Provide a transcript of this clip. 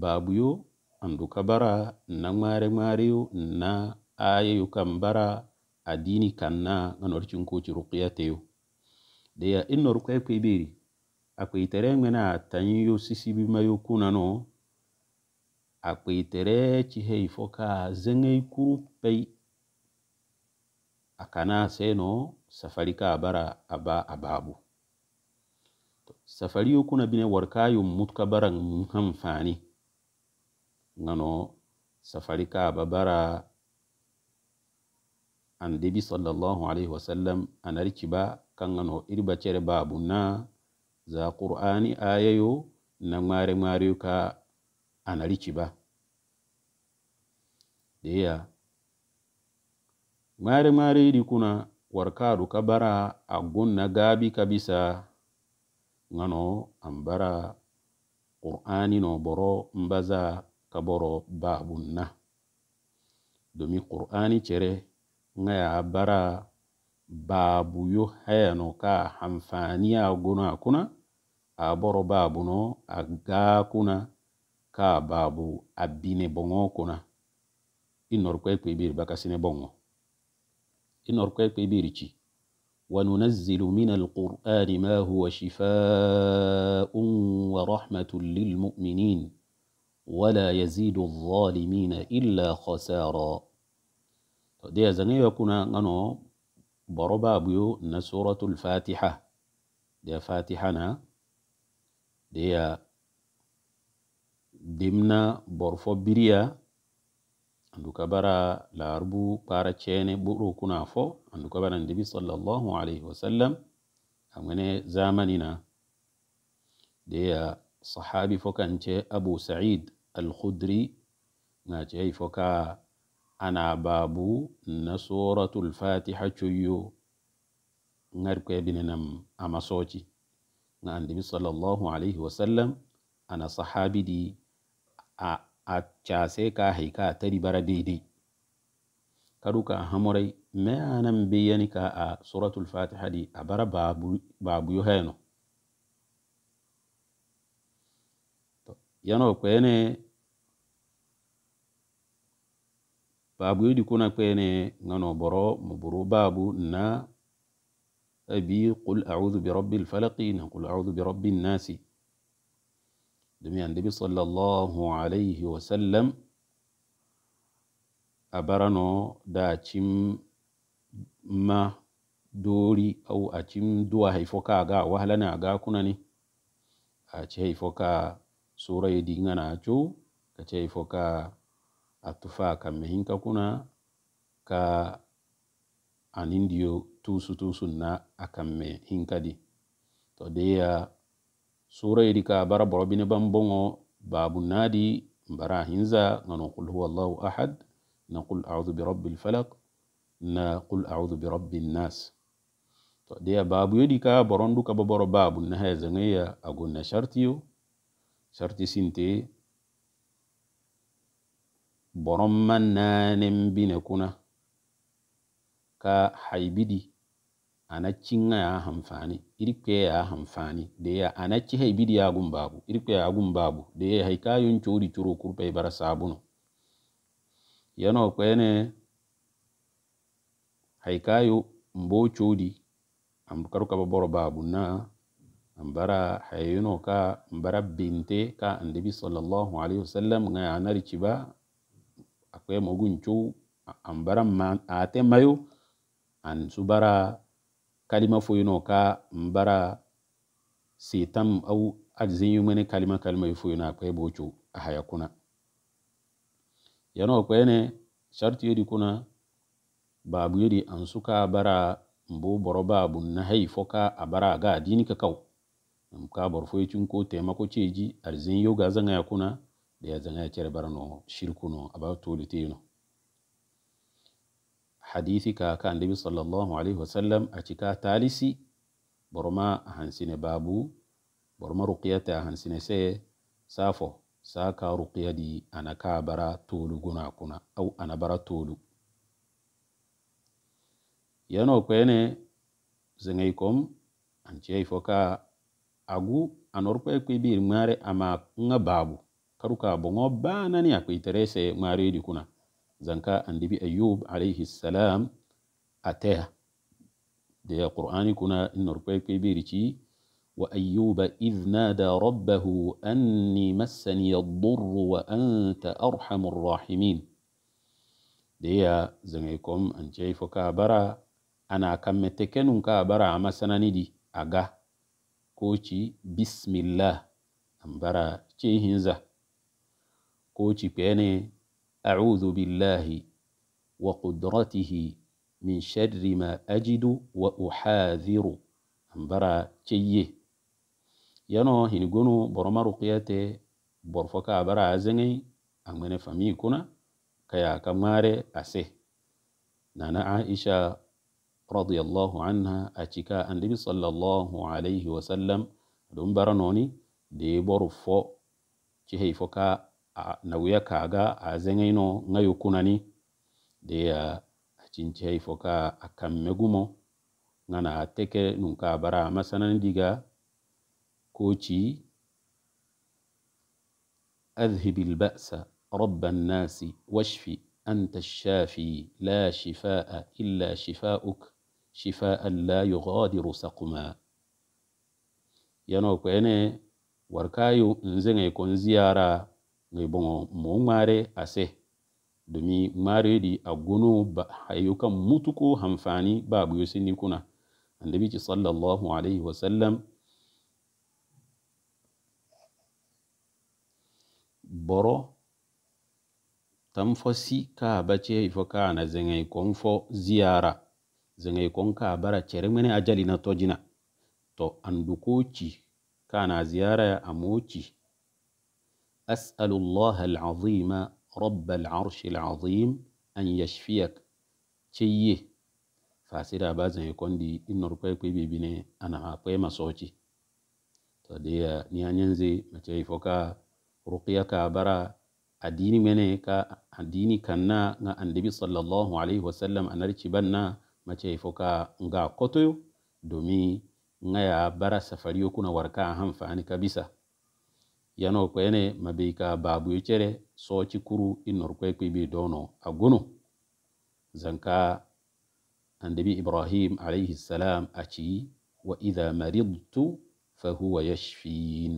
babuyo nduka bara na ŋmaare ŋmaariyo na aayayo kaŋ bara adini kanna ŋanori chinkochi ruqiyateyo deya inno ruqiya kwibiri akwitere ŋmene kuna no mayo kunano ci hei foka zeŋei kuru pei akana seno safari ka bara aba ababu yo kuna bine warkayo mutka bara hamfani ngano safari ka bara an debi sallallahu alaihi wasallam arki ba kan ngano irba cere babu na za qur'ani ayayo na mare mare ka arki ba deya mare mare di kuna warkaru ka bara a gunna gabi ka bisa ngano an bara qur'ani no boro mbaza ka bɔrɔ babun na domin qur'ani cɛrɛ nga ya bara babu yo hayano ka hamfaniya guna kuna a bɔrɔ babuno a gaa kuna ka babu a bine bɔŋɔ kuna i nɔrkwe biri bakasine bɔŋɔ i nɔrkwe biri ci وننزل من القرآن ما هو شفاء ورحمة للمؤمنين ولا يزيد الظالمين إلا خسارا دي زني يكون أنو بربا بيو نسورة الفاتحة دي فاتحنا دي dimna borfo biriya anduka bara larbu para cene buru kuna fo anduka bara ndibi sallallahu alaihi wasallam amene zamanina deya sahabi fo kance abu sa'id al-Khudri na ce ya foka ana babu na suratul fatiha cuyo ngar ko a masoci. amasoci na andimi sallallahu alaihi wasallam ana sahabi a case ka haika tari bara daidai karuka hamurai me anan biyani ka a suratul fatiha di a bara babu babu yano kwene babu yidi kuna kwene ngano boro muburu babu na abi qul a'udhu bi rabbil falaq na qul a'udhu bi rabbin nas dumi annabi sallallahu alayhi wa sallam abarano da chim ma dori au a cim duwa haifo ka ga wahala ga kuna ne a ci haifo sura ye dingana cu ka cei fo ka a tufa ka mehin ka kuna ka anin diyo tusu na a kan to deya sura yedi bara borobine ban bongo babu nadi bara hinza ngano qul huwa allahu ahad na qul a'udhu bi rabbil falaq na qul a'udhu bi rabbin nas to deya babu yedi borondu ka boboro babu na heza ngeya agunna shartiyo sarti sinte borom man nanen bine kuna ka haibidi anacci nga ya hamfani irikwe ya hamfani deya anacci haibidi ya gum babu irikpe ya gum babu deya haikayun cori coro kurpe bara sabuno yano kwene haikayo mbo codi am karukaba boro babu na bara hayino ka bara binte ka annabi sallallahu alaihi wasallam ngaya anari ciba akwe mogun chou ambara ate mayo an subara kalima fuyino ka bara sitam au azinyu mene kalima kalima fuyino akwe bocho ahaya kuna yano akwe ne sharti yedi kuna babu yedi ansuka bara mbo boroba bunna hay foka abara ga dini kakao ka borfoye cunko ce ceji arzin yoga ya kuna da ya bar zangaya cere barano shirkuno aba toliteno hadisi ka ka annabi sallallahu alaihi wasallam a cika talisi borma a hansine babu borma ruqiyata a hansine sai safo saka ruqiyadi anaka bara tolu guna kuna au bara tolu yano kwene zangay kom an ciyai foka agu anorpo ekwe bir mare ama nga babu karuka bongo na ni akwe terese mare kuna zanka andibi ayyub alayhi salam ateha de qur'ani kuna inorpo ekwe bir chi wa ayyuba izina da rabbahu anni massani yadur wa anta arhamur rahimin deya zangay kom anjay foka bara ana kametekenun ka bara amasanani a ga. kochi bismillah ambara chehinza kochi pene a'udhu billahi wa qudratihi min shadri ma ajidu wa uhadhiru ambara ciye yano hinigonu boroma ruqyate borfoka abara azengai amene fami kuna kaya kamare ase nana aisha رضي الله عنها أتكا النبي صلى الله عليه وسلم دون برنوني دي بروفو تهي فكا نويا كاغا أزنينو نيو كوناني دي أتين تهي فكا أكام أكمغمو نانا أتكي ننكا برا مسانا ديغا كوتي أذهب البأس رب الناس واشفي أنت الشافي لا شفاء إلا شفاؤك شفاء لا يغادر سقما yano kwene warkayu nze ngai kon ziyara ngai bongo mo mare ase domi mare di agunu ba hayuka mutuku hamfani babu yusini kuna annabi sallallahu alaihi wasallam boro tam fo si ka bace ifo ka na zengai kon fo ziyara Zan je ka baro ciremaniyya a jalin a tukina. To an kana ziyara ziyaraya a muci. As alalolahi al-cudima, rabbi al-cursi al-cudim, an yashfiyar. Fasira ba zan je konɗi in na rufi kai bebe an kai masoci. Ta ni an yanzu ma foka. Ruqe-ka bara. A dini manika. A dini na. An sallallahu alaihi wa sallam. A mace ifoka nga kotoyo domi nga ya bara safari safariyo kuna warka hanfani kabisa yano kwene mabika babu chere so kuru inor kwe kwibi dono aguno zanka annabi ibrahim alayhi salam achi wa idha maridtu fahuwa yashfin